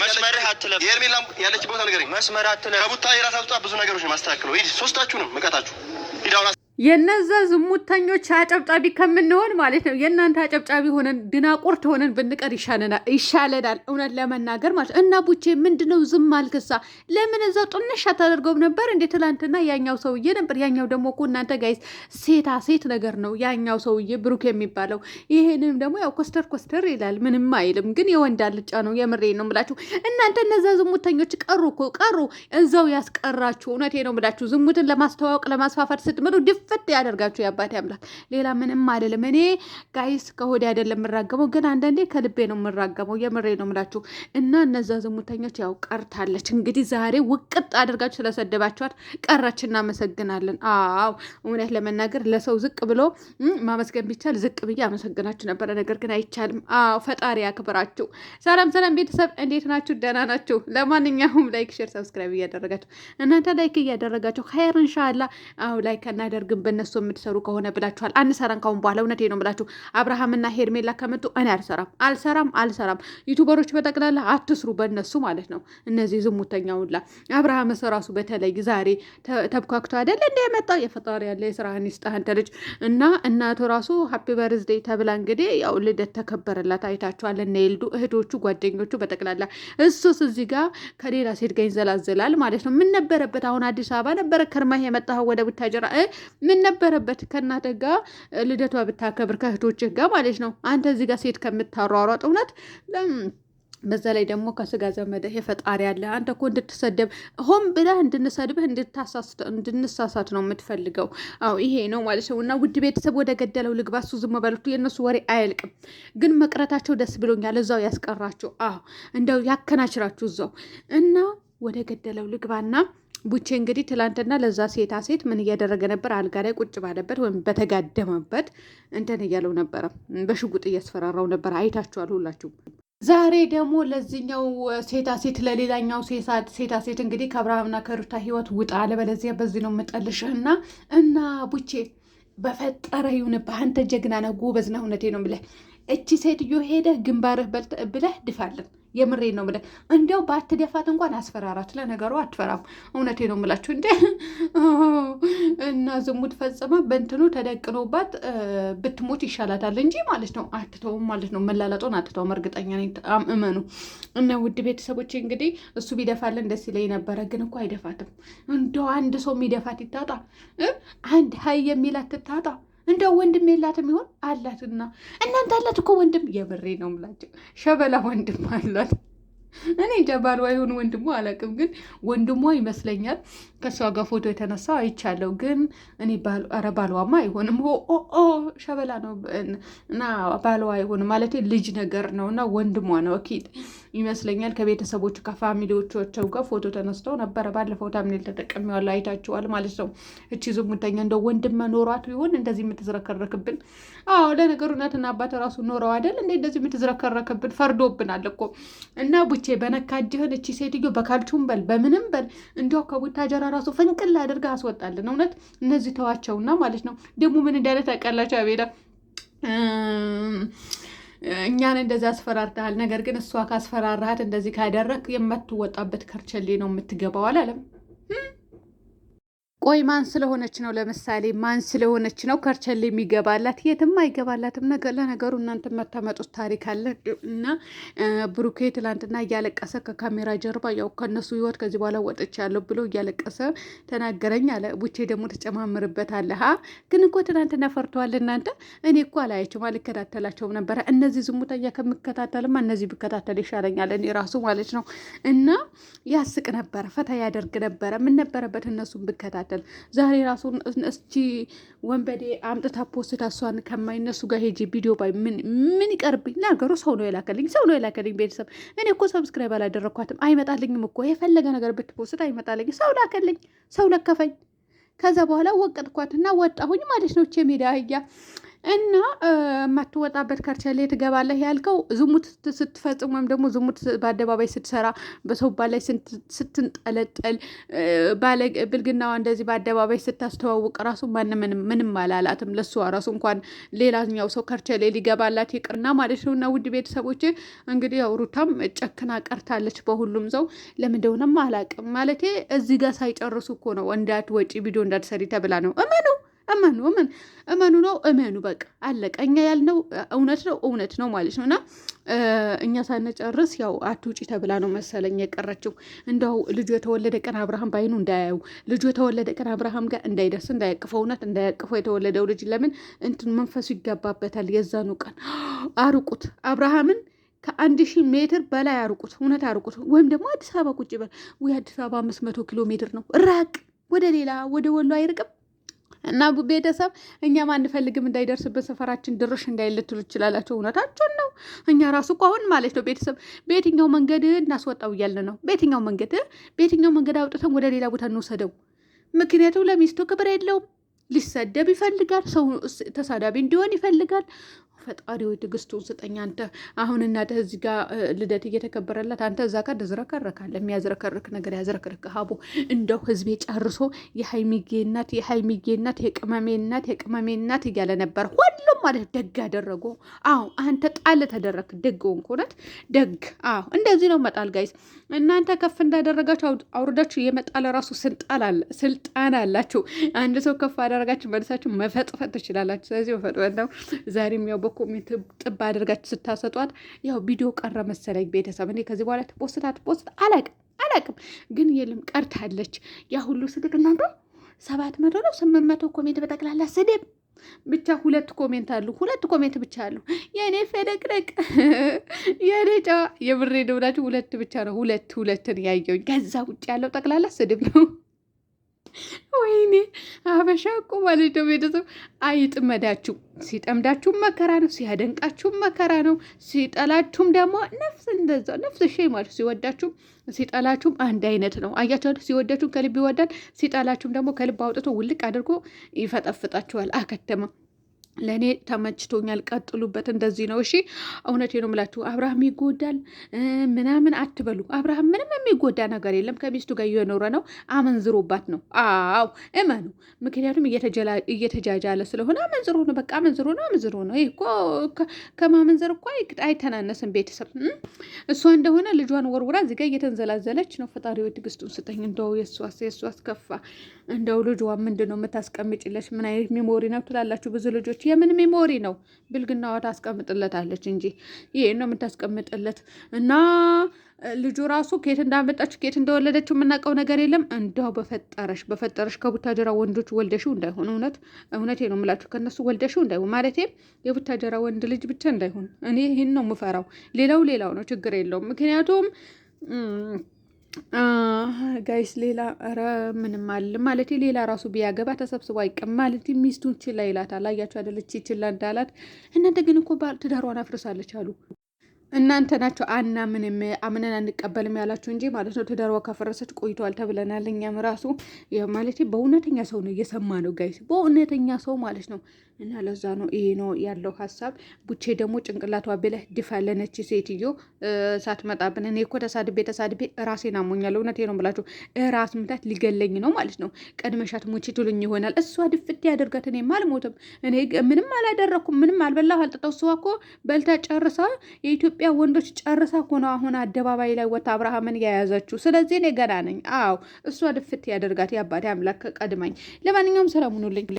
ያለች ቦታ ንገረኝ። መስመር አትለፍ። ከቡታ የራስ ብዙ ነገሮች ነው ሂድ፣ ሶስታችሁንም እቀጣችሁ። ሂድ አሁን የነዛ ዝሙተኞች አጨብጫቢ ከምንሆን ማለት ነው የእናንተ አጨብጫቢ ሆነን ድናቁርት ሆነን ብንቀር ይሻለናል። እውነት ለመናገር ማለት እና ቡቼ ምንድነው ዝም አልክሳ? ለምን እዛ ጥንሽ አታደርገውም ነበር እንዴ? ትላንትና ያኛው ሰውዬ ነበር። ያኛው ደግሞ እኮ እናንተ ጋይስ ሴታ ሴት ነገር ነው ያኛው ሰውዬ ብሩክ የሚባለው። ይሄንም ደግሞ ያው ኮስተር ኮስተር ይላል፣ ምንም አይልም። ግን የወንድ አልጫ ነው። የምሬ ነው ምላችሁ እናንተ እነዛ ዝሙተኞች ቀሩ እኮ ቀሩ፣ እዛው ያስቀራችሁ። እውነቴ ነው ምላችሁ ዝሙትን ለማስተዋወቅ ለማስፋፋት ስትመጡ ድፍ ሽንፍድ ያደርጋችሁ የአባቴ አምላክ። ሌላ ምንም አይደለም። እኔ ጋይስ ከሆዴ አይደለም የምራገመው፣ ግን አንዳንዴ ከልቤ ነው የምራገመው። የምሬ ነው ምላችሁ እና እነዛ ዝሙተኞች ያው ቀርታለች። እንግዲህ ዛሬ ውቅጥ አድርጋችሁ ስለሰደባችኋት ቀረች። እናመሰግናለን። አዎ እውነት ለመናገር ለሰው ዝቅ ብሎ ማመስገን ቢቻል ዝቅ ብዬ አመሰግናችሁ ነበረ፣ ነገር ግን አይቻልም። አዎ ፈጣሪ ያክብራችሁ። ሰላም ሰላም ቤተሰብ እንዴት ናችሁ? ደህና ናችሁ? ለማንኛውም ላይክ፣ ሼር፣ ሰብስክራይብ እያደረጋችሁ እናንተ ላይክ እያደረጋችሁ ኸይር እንሻላ። አዎ ላይክ እናደርግ ግን በእነሱ የምትሰሩ ከሆነ ብላችኋል። አንሰራን ካሁን በኋላ እውነቴ ነው ብላችሁ አብርሃምና ሄርሜላ ከመጡ እኔ አልሰራም አልሰራም አልሰራም። ዩቱበሮች በጠቅላላ አትስሩ በእነሱ ማለት ነው። እነዚህ ዝሙተኛ ሁላ አብርሃምስ ራሱ በተለይ ዛሬ ተብኳክቶ አይደል እንደ የመጣ የፈጣሪ ያለ የስራ ይስጥህ አንተ ልጅ እና እናቱ ራሱ ሀፒ በርዝዴይ ተብላ እንግዲህ ያው ልደት ተከበረላት። አይታችኋል። እነ የልዱ እህቶቹ ጓደኞቹ በጠቅላላ እሱስ እዚህ ጋር ከሌላ ሴት ጋር ይንዘላዘላል ማለት ነው። ምን ነበረበት አሁን አዲስ አበባ ነበረ ከርማህ የመጣኸው ወደ ቡታጀራ ምን ነበረበት ከእናተ ጋ ልደቷ ብታከብር ከእህቶችህ ጋ ማለት ነው። አንተ እዚህ ጋር ሴት ከምታሯሯጥ እውነት በዛ ላይ ደግሞ ከስጋ ዘመደህ የፈጣሪ አለ። አንተ እኮ እንድትሰደብ ሆን ብለህ እንድንሰድብህ እንድንሳሳት ነው የምትፈልገው። አዎ ይሄ ነው ማለት ነው። እና ውድ ቤተሰብ ወደ ገደለው ልግባ። እሱ ዝም በሉት፣ የእነሱ ወሬ አያልቅም። ግን መቅረታቸው ደስ ብሎኛል። እዛው ያስቀራችሁ። አዎ እንደው ያከናችራችሁ እዛው እና ወደ ገደለው ልግባና ቡቼ እንግዲህ ትላንትና ለዛ ሴታ ሴት ምን እያደረገ ነበር? አልጋ ላይ ቁጭ ባለበት ወይም በተጋደመበት እንትን እያለው ነበረ፣ በሽጉጥ እያስፈራራው ነበር። አይታችኋል ሁላችሁ። ዛሬ ደግሞ ለዚኛው ሴታ ሴት ለሌላኛው ሴታ ሴት እንግዲህ ከአብርሃምና ከሩታ ህይወት ውጣ፣ አለበለዚያ በዚህ ነው የምጠልሽህ እና እና ቡቼ በፈጠረ ይሁንብህ አንተ ጀግና ነህ፣ ጎበዝ ነህ። እውነቴ ነው ብለህ እቺ ሴትዮ ሄደህ ግንባርህ ብለህ ድፋለን የምሬ ነው የምልህ። እንዲያው ባትደፋት እንኳን አስፈራራት። ለነገሩ አትፈራም። እውነቴ ነው የምላችሁ እንደ እና ዝሙት ፈጽማ በንትኑ ተደቅኖባት ብትሞት ይሻላታል እንጂ ማለት ነው። አትተውም ማለት ነው። መላላጦን አትተውም። እርግጠኛ እመኑ። እና ውድ ቤተሰቦች እንግዲህ እሱ ቢደፋልን ደስ ይለኝ ነበረ፣ ግን እኮ አይደፋትም። እንደው አንድ ሰው የሚደፋት ይታጣ፣ አንድ ሀይ የሚላት ትታጣ እንደ ወንድም የላትም ይሆን? አላትና እናንተ አላት እኮ ወንድም። የብሬ ነው ምላቸው። ሸበላ ወንድም አላት። እኔ ጀባር ባልዋ ይሁን ወንድሟ አላቅም ግን ወንድሟ ይመስለኛል። ከእሷ ጋር ፎቶ የተነሳ አይቻለሁ፣ ግን እኔ ኧረ ባልዋማ አይሆንም። ኦ ሸበላ ነው እና ባልዋ አይሆንም ማለት ልጅ ነገር ነው እና ወንድሟ ነው ኪድ ይመስለኛል ከቤተሰቦቹ ከፋሚሊዎቻቸው ጋር ፎቶ ተነስተው ነበረ። ባለፈው ታምኔል ተጠቀሚዋለሁ አይታችኋል ማለት ነው። እቺ ዝሙተኛ እንደ ወንድም መኖሯት ይሆን እንደዚህ የምትዝረከረክብን? አዎ ለነገሩ እናትና አባት ራሱ ኖረው አይደል እንዴ እንደዚህ የምትዝረከረክብን? ፈርዶብናል እኮ እና ቡቼ በነካጅህን እቺ ሴትዮ በካልቹም በል በምንም በል እንዲያው ከቡታጀራ ራሱ ፍንቅል አድርገህ አስወጣልን። እውነት እነዚህ ተዋቸውና ማለት ነው ደግሞ ምን እንዳለ ታውቃላችሁ አቤላ እኛን እንደዚህ አስፈራርተሃል፣ ነገር ግን እሷ ካስፈራራሃት እንደዚህ ካደረግ የማትወጣበት ከርቸሌ ነው የምትገባው አላለም። ቆይ ማን ስለሆነች ነው? ለምሳሌ ማን ስለሆነች ነው ከርቸሌ የሚገባላት? የትም አይገባላትም። ለነገሩ እናንተ መታመጡት ታሪክ አለ እና ብሩኬ ትላንትና እያለቀሰ ከካሜራ ጀርባ ያው ከነሱ ህይወት ከዚህ በኋላ ወጥቻለሁ ብሎ እያለቀሰ ተናገረኝ አለ። ቡቼ ደግሞ ተጨማምርበት አለ። ሀ ግን እኮ ትናንትና ፈርተዋል። እናንተ እኔ እኮ አላያቸውም፣ አልከታተላቸውም ነበረ። እነዚህ ዝሙተኛ ከምከታተልማ እነዚህ ብከታተል ይሻለኛል እኔ ራሱ ማለት ነው። እና ያስቅ ነበረ፣ ፈታ ያደርግ ነበረ። ምን ነበረበት እነሱን ብከታተል አይከታተል። ዛሬ ራሱ እስቺ ወንበዴ አምጥታ ፖስታ እሷን ከማይነሱ ጋር ሄጂ ቪዲዮ ባይ ምን ይቀርብኝ? ነገሩ ሰው ነው የላከልኝ፣ ሰው ነው የላከልኝ። ቤተሰብ እኔ እኮ ሰብስክራይብ አላደረግኳትም፣ አይመጣልኝም እኮ የፈለገ ነገር ብትፖስት አይመጣልኝ። ሰው ላከልኝ፣ ሰው ለከፈኝ። ከዛ በኋላ ወቀጥኳትና ወጣሁኝ ማለት ነው። ቼ ሜዳ አህያ እና የማትወጣበት ከርቸሌ ትገባለህ ያልከው ዝሙት ስትፈጽም ወይም ደግሞ ዝሙት በአደባባይ ስትሰራ በሰው ባላይ ላይ ስትንጠለጠል ብልግናዋ እንደዚህ በአደባባይ ስታስተዋውቅ ራሱ ማንም ምንም አላላትም። ለሷ ራሱ እንኳን ሌላኛው ሰው ከርቸሌ ሊገባላት ይቅርና ማለት ነው። እና ውድ ቤተሰቦች እንግዲህ ያው ሩታም ጨክና ቀርታለች በሁሉም ሰው ለምን እንደሆነም አላውቅም። ማለቴ እዚህ ጋር ሳይጨርሱ እኮ ነው እንዳትወጪ ቪዲዮ እንዳትሰሪ ተብላ ነው እመኑ። እመኑ እመኑ ነው እመኑ። በቃ አለቀ። እኛ ያልነው እውነት ነው እውነት ነው ማለት ነው። እና እኛ ሳንጨርስ ያው አትውጪ ተብላ ነው መሰለኝ የቀረችው። እንደው ልጁ የተወለደ ቀን አብርሃም ባይኑ እንዳያዩ ልጁ የተወለደ ቀን አብርሃም ጋር እንዳይደርስ እንዳያቅፈው፣ እውነት እንዳያቅፈው። የተወለደው ልጅ ለምን እንትን መንፈሱ ይገባበታል። የዛኑ ቀን አርቁት አብርሃምን ከአንድ ሺህ ሜትር በላይ አርቁት፣ እውነት አርቁት። ወይም ደግሞ አዲስ አበባ ቁጭ በል ወይ አዲስ አበባ አምስት መቶ ኪሎ ሜትር ነው ራቅ። ወደ ሌላ ወደ ወሎ አይርቅም። እና ቤተሰብ እኛም አንፈልግም እንዳይደርስበት ሰፈራችን ድርሽ እንዳይልትሉ ልትሉ ይችላላቸው። እውነታቸውን ነው። እኛ ራሱ እኮ አሁን ማለት ነው ቤተሰብ በየትኛው መንገድ እናስወጣው እያልን ነው። በየትኛው መንገድ በየትኛው መንገድ አውጥተን ወደ ሌላ ቦታ እንወሰደው? ምክንያቱም ለሚስቱ ክብር የለውም። ሊሰደብ ይፈልጋል። ሰው ተሳዳቢ እንዲሆን ይፈልጋል። ፈጣሪ ወይ ትዕግስቱን ስጠኝ። አንተ አሁን እናተ እዚህ ጋር ልደት እየተከበረላት አንተ እዛ ጋር ትዝረከረካለህ። የሚያዝረከርክ ነገር ያዝረከርክ። ሀቦ እንደው ህዝቤ ጨርሶ የሀይሚጌ እናት የሀይሚጌ እናት የቅመሜ እናት የቅመሜ እናት እያለ ነበር። ሁሉም ማለት ደግ ያደረጉ። አዎ አንተ ጣል ተደረክ። ደግ ሆንክ። እውነት ደግ። አዎ እንደዚህ ነው መጣል። ጋይስ እናንተ ከፍ እንዳደረጋችሁ አውርዳችሁ የመጣል ራሱ ስልጣን አላችሁ። አንድ ሰው ከፍ አደረ አድርጋችሁ መልሳችሁ መፈጥፈጥ ትችላላችሁ። ስለዚህ መፈጥፈጥ ነው። ዛሬም ያው በኮሜንት ጥብ አድርጋችሁ ስታሰጧት ያው ቪዲዮ ቀረ መሰለኝ ቤተሰብ። እኔ ከዚህ በኋላ ትፖስታ ትፖስት አላቅም አላቅም፣ ግን የለም ቀርታለች። ያ ሁሉ ስድብ እናንተ ሰባት መቶ ነው ስምንት መቶ ኮሜንት በጠቅላላ ስድብ ብቻ ሁለት ኮሜንት አሉ። ሁለት ኮሜንት ብቻ አሉ። የእኔ ፈለቅለቅ የእኔ ጨዋ የብሬ ደውላችሁ ሁለት ብቻ ነው። ሁለት ሁለትን ያየውኝ ከዛ ውጭ ያለው ጠቅላላ ስድብ ነው። ወይኔ አበሻ እኮ ማለት ነው። ቤተሰብ አይጥመዳችሁ። ሲጠምዳችሁም መከራ ነው፣ ሲያደንቃችሁም መከራ ነው፣ ሲጠላችሁም ደግሞ ነፍስ እንደዛ ነፍስ ሸ ማለት ሲወዳችሁም ሲጠላችሁም አንድ አይነት ነው። አያቸው ሲወዳችሁም ከልብ ይወዳል፣ ሲጠላችሁም ደግሞ ከልብ አውጥቶ ውልቅ አድርጎ ይፈጠፍጣችኋል። አከተመ ለእኔ ተመችቶኛል። ቀጥሉበት፣ እንደዚህ ነው እሺ። እውነቴ ነው የምላችሁ። አብርሃም ይጎዳል ምናምን አትበሉ። አብርሃም ምንም የሚጎዳ ነገር የለም። ከሚስቱ ጋር እየኖረ ነው። አመንዝሮባት ነው። አዎ እመኑ። ምክንያቱም እየተጃጃለ ስለሆነ አመንዝሮ ነው። በቃ አመንዝሮ ነው። አመንዝሮ ነው። ይህ እኮ ከማመንዘር እኮ አይተናነስም። ቤተሰብ እሷ እንደሆነ ልጇን ወርውራ እዚጋ እየተንዘላዘለች ነው። ፈጣሪ ትዕግስቱን ስጠኝ። እንደው የእሷስ የእሷስ ከፋ። እንደው ልጇ ምንድን ነው የምታስቀምጭለች? ምን አይነት ሚሞሪ ነው ትላላችሁ ብዙ ልጆች የምን ሜሞሪ ነው? ብልግናዋ ታስቀምጥለታለች እንጂ ይሄ ነው የምታስቀምጥለት። እና ልጁ ራሱ ከየት እንዳመጣች ከየት እንደወለደችው የምናውቀው ነገር የለም። እንዳው በፈጠረሽ በፈጠረሽ ከቡታጀራ ወንዶች ወልደሽው እንዳይሆን። እውነት እውነቴ ነው የምላችሁ ከነሱ ወልደሽው እንዳይሆን። ማለት የቡታጀራ ወንድ ልጅ ብቻ እንዳይሆን። እኔ ይህን ነው የምፈራው። ሌላው ሌላው ነው ችግር የለውም ምክንያቱም ጋይስ ሌላ ረ ምንም አልልም ማለት ሌላ ራሱ ቢያገባ ተሰብስቦ አይቀም ማለት ሚስቱን ችላ ይላታል። አያችሁ አይደለች ችላ እንዳላት እናንተ ግን እኮ ባል ትዳሯን አፍርሳለች አሉ። እናንተ ናቸው አና አናምንም አምነን አንቀበልም ያላችሁ እንጂ ማለት ነው። ትዳሯ ካፈረሰች ቆይቷል ተብለናል። እኛም ራሱ ማለት በእውነተኛ ሰው ነው እየሰማ ነው ጋይስ፣ በእውነተኛ ሰው ማለት ነው። እና ለዛ ነው ይሄ ነው ያለው ሀሳብ። ቡቼ ደግሞ ጭንቅላቷ ብለህ ድፋለነች ሴትዮ ሳትመጣብን። እኔ እኮ ተሳድቤ ተሳድቤ ራሴን አሞኛል። እውነቴ ነው ብላችሁ ራስ ምታት ሊገለኝ ነው ማለት ነው። ቀድመሻት ሙቺ ትሉኝ ይሆናል። እሷ ድፍት ያደርጋት፣ እኔ አልሞትም። እኔ ምንም አላደረግኩም። ምንም አልበላሁ አልጠጣሁ። እሷ እኮ በልታ ጨርሳ የኢትዮጵያ ኢትዮጵያ ወንዶች ጨርሳ እኮ ነው አሁን አደባባይ ላይ ወታ አብርሃምን የያዘችው። ስለዚህ እኔ ገና ነኝ። አዎ እሷ ድፍት ያደርጋት የአባቴ አምላክ ቀድማኝ። ለማንኛውም ሰላም ሁኑልኝ።